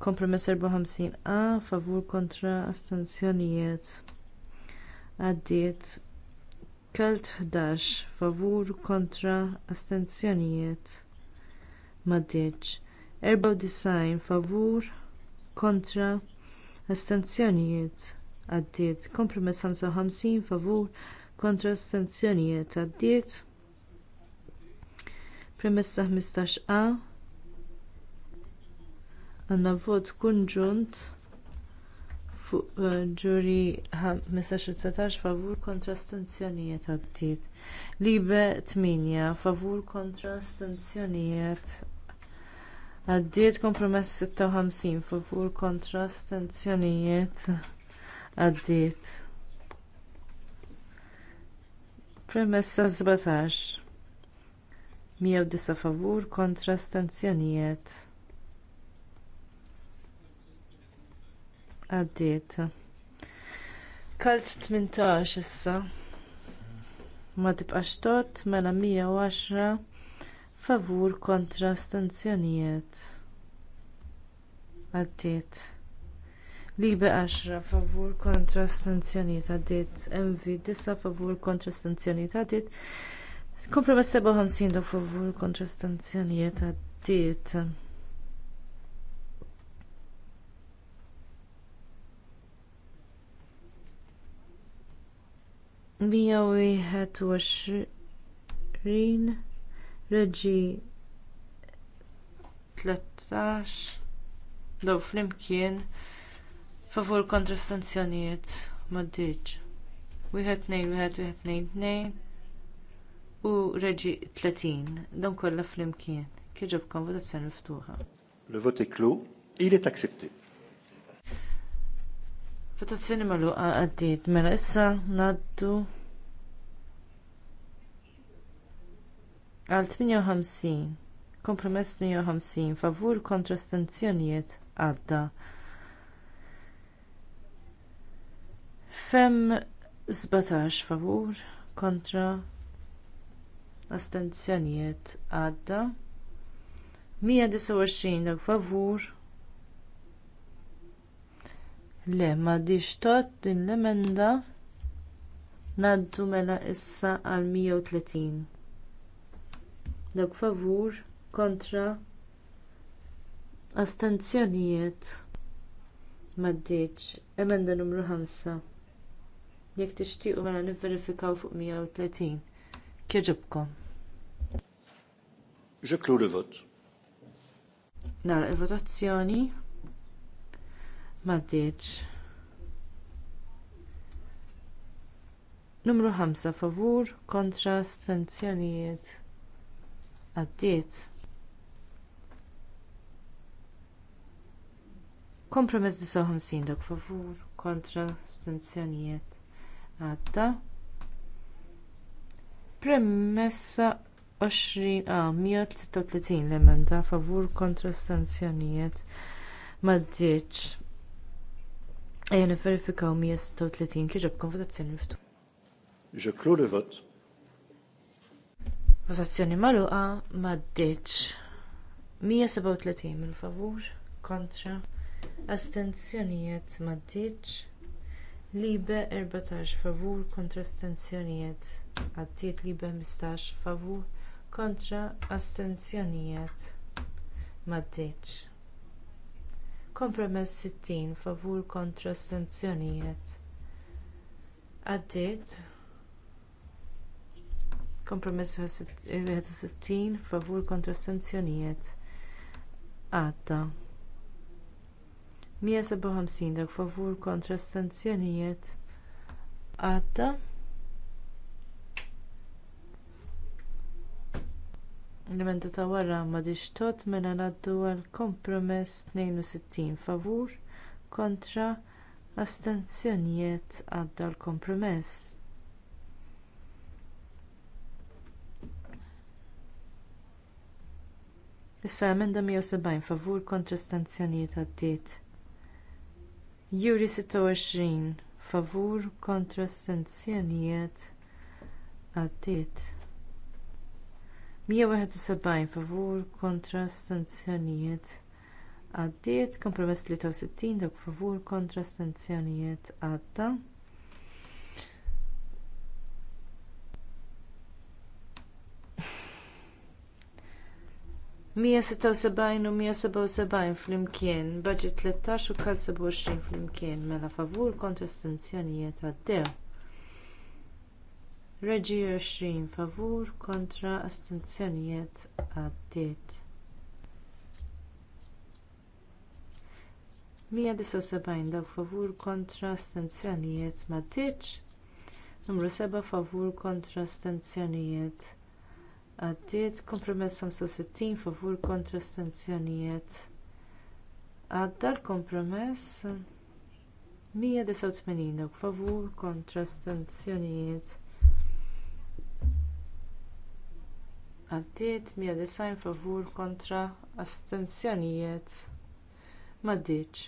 Kompromess 54 a favur kontra astenzjonijiet għaddiet. Kelt 11 favur kontra astenzjonijiet maddiċ. 94 favur kontra astenzjonijiet għaddiet kompromess 55 favur kontra sanzjonijiet astenzjonijiet għaddiet. Premessa 15a għanna vot kunġunt fuq eh, ġuri 15-19 favur kontra astenzjonijiet għaddiet. Libe 8 favur kontra astenzjonijiet għaddiet kompromess 56 favur kontra astenzjonijiet għaddiet. Premessa 17. disa' favur kontra stanzjonijiet. Għaddiet. Kalt 18 issa. Ma tibqax tot mela 110 favur kontra stanzjonijiet. Għaddiet. Libe 10 favur kontra ta' għaddit. MV 9 favur kontra stanzjoniet għaddit. Kompromess 57 dak favur kontra stanzjoniet għaddit. Mija wieħed u għoxrin reġi 13 daw flimkien favur kontra stanzjonijiet maddiġ. Wieħed nejn, wieħed wieħed nejn nejn u reġi 30 dan kollha flimkien. Kieġob votazzjoni miftuħa. l vote est clos, il Votazzjoni magħluqa għaddiet mela issa ngħaddu għal 58 kompromess 58 favur kontra stanzjonijiet għadda. Fem 17 favur kontra astenzjonijiet għadda. 129 dak favur Le, ma diċ tot din l-emenda naddu mela issa għal 130. Dak favur kontra astenzjonijiet ma diċ emenda numru 5. Jekk tixtiequ mela nivverifikaw fuq 130. Kieġibkom. Ġeklu li vot. Nara il-votazzjoni. Maddiċ. Numru 5 favur kontra stanzjonijiet Għaddiet. Kompromess 59 dok. favur kontra stanzjonijiet għadda. Premessa 20 a 136 l-emenda favur kontra stanzjonijiet maddiċ. Ejja verifikaw 136 kieġob konvotazzjoni miftu. Je clôt le vote. Votazzjoni magħluqa maddiċ. 137 mill favur kontra astenzjonijiet maddiċ. Libe 14 favur kontra astenzjonijiet. Għaddiet be 15 favur kontra astenzjonijiet. Maddiċ. Kompromess 60 favur kontra astenzjonijiet. Għaddiet. Kompromess 61 favur kontra astenzjonijiet. Għadda. 157 dak favur kontra astenzjonijiet għadda l-emenda ta' wara m'għadix tot mela ngħaddu għal kompromess 62 favur kontra astenzjonijiet għadda l-kompromess Issa emenda 170 favur kontra astenzjonijiet għaddiet. Juri 26 favur kontra stenzjonijiet għaddiet. 171 favur kontra stenzjonijiet għaddiet kompromess 63 dak favur kontra stenzjonijiet għadda. 176 u 177 flimkien, budget 13 u kal 27 flimkien, mela favur kontra astenzjonijiet għaddew. Reġi 20 favur kontra astenzjonijiet għaddiet. 179 dawk favur kontra astenzjonijiet ma' Numru 7 favur kontra astenzjonijiet għaddiet kompromess 65 favur kontra stanzjonijiet għadda l-kompromess 189 favur kontra stanzjonijiet għaddiet 190 favur kontra astenzjonijiet m'għaddiex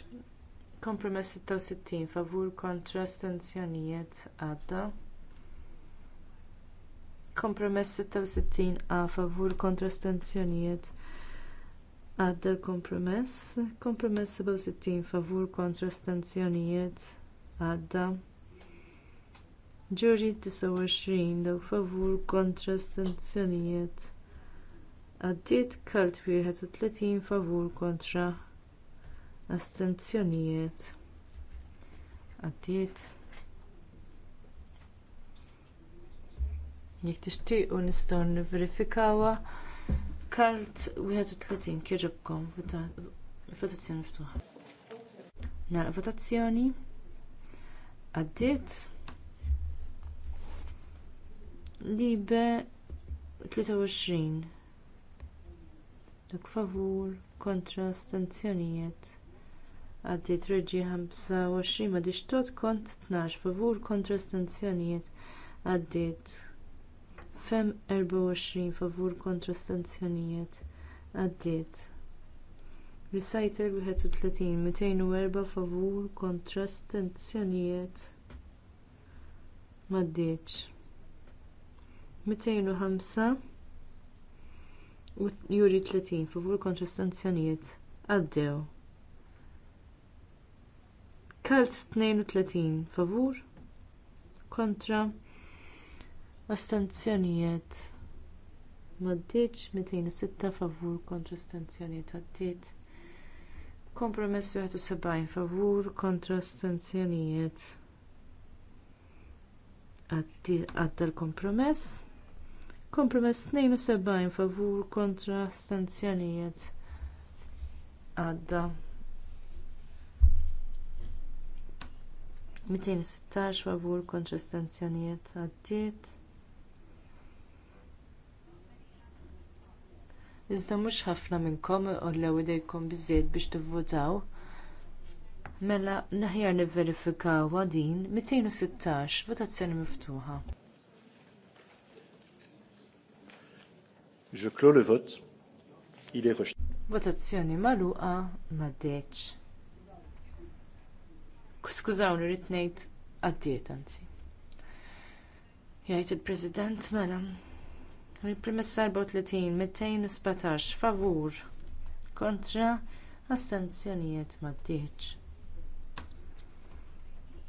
kompromess 66 favur kontra astenzjonijiet għadda Kompromess 66 a favur kontra stanzjonijiet għadda l-kompromess. Kompromess 67 favur kontra stanzjonijiet għadda. Ġuri 29 daw favur kontra stanzjonijiet għaddiet kalt 31 favur kontra astenzjonijiet. Għaddiet. Jek tixtiequ nistgħu nivverifikawha Kalt 31 kieġobkom votazzjoni ftuħa. Nara votazzjoni. Għaddiet. Libe 23. Dak favur kontra stanzjonijiet. Għaddiet reġi 25 ma dixtot kont 12 favur kontra stanzjonijiet. Għaddiet Fem 24 favur kontra stanzjonijiet għaddiet. Recital 31 204 favur kontra stanzjonijiet maddiċ. 205 u juri 30 favur kontra stanzjonijiet għaddew. Kalt 32 favur kontra astenzjonijiet maddiċ 206 favur kontra astenzjonijiet għaddiet kompromess 71 favur kontra astenzjonijiet għadda l-kompromess kompromess 72 favur kontra astenzjonijiet għadda 216 favur kontra astenzjonijiet għaddiet iżda mhux ħafna minnkom ollew idejkom biżżejjed biex tivvotaw. Mela naħjar nivverifikaw din 216 votazzjoni miftuħa. Je clôt le vote. Il est rejeté. Votazzjoni magħluqa m'għaddiex. Skużawni rrid ngħid għaddiet anzi. Jgħid il-President mela Il-premessa 34, 217, favur, kontra, astenzjonijiet maddiċ.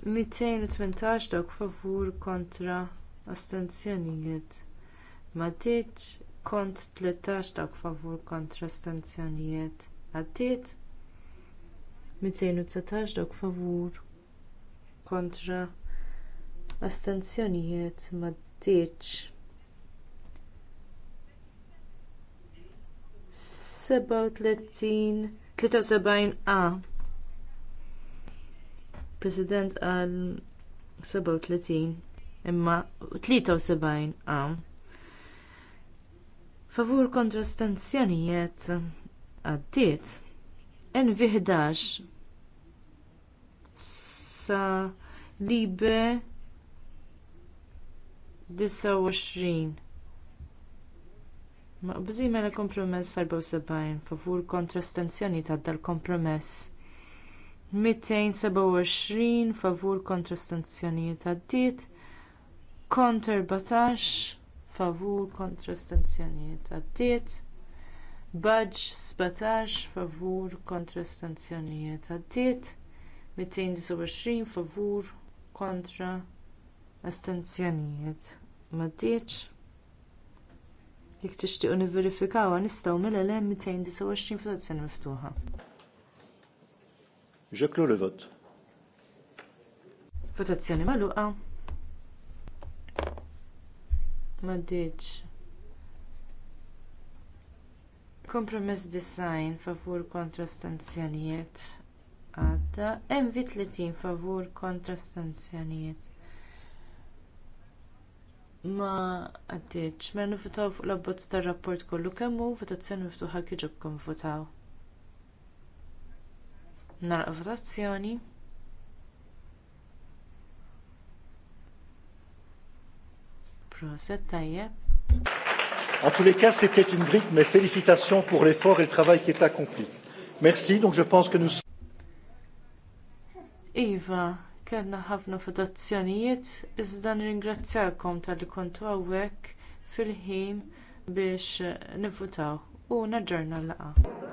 218 dawk favur kontra astenzjonijiet. Maddiċ kont 13 dawk favur kontra astenzjonijiet. Għaddiet 219 dawk favur kontra astenzjonijiet maddiċ. 73 a President għal 37 imma 73 a Favur kontra stanzjonijiet għaddiet NV11 sa libe 29 Maqbużin mela kompromess 74 favur kontra stenzjoni tadda l-kompromess. 227 favur kontra stenzjoni dit. kontra 14 favur kontra stenzjoni dit. Budge 17 favur kontra stenzjoni dit. 229 favur kontra astenzjonijiet ma Jekk tixtiequ nivverifikawha nistgħu mill-1229 f'tazzjoni miftuħa. Je clos vot Votazzjoni magħluqa. Ma ddiċ. Kompromess design favur kontra stanzjonijiet. Għadda. MV30 favur kontra stanzjonijiet ma għaddiċ. Mer mela nifutaw fuq l-abbozz tar rapport kollu kemm hu votazzjoni miftuħa kieġobkom votaw. Naraq votazzjoni. Proset tajjeb. En tous les cas, c'était une brique, mais félicitations pour l'effort et le travail qui est accompli. Merci, donc je pense que nous... sommes. Iva, kellna ħafna votazzjonijiet iżda nirringrazzjakom talli kontu hawnhekk fil-ħin biex nivvutaw u naġġorna l-laqgħa.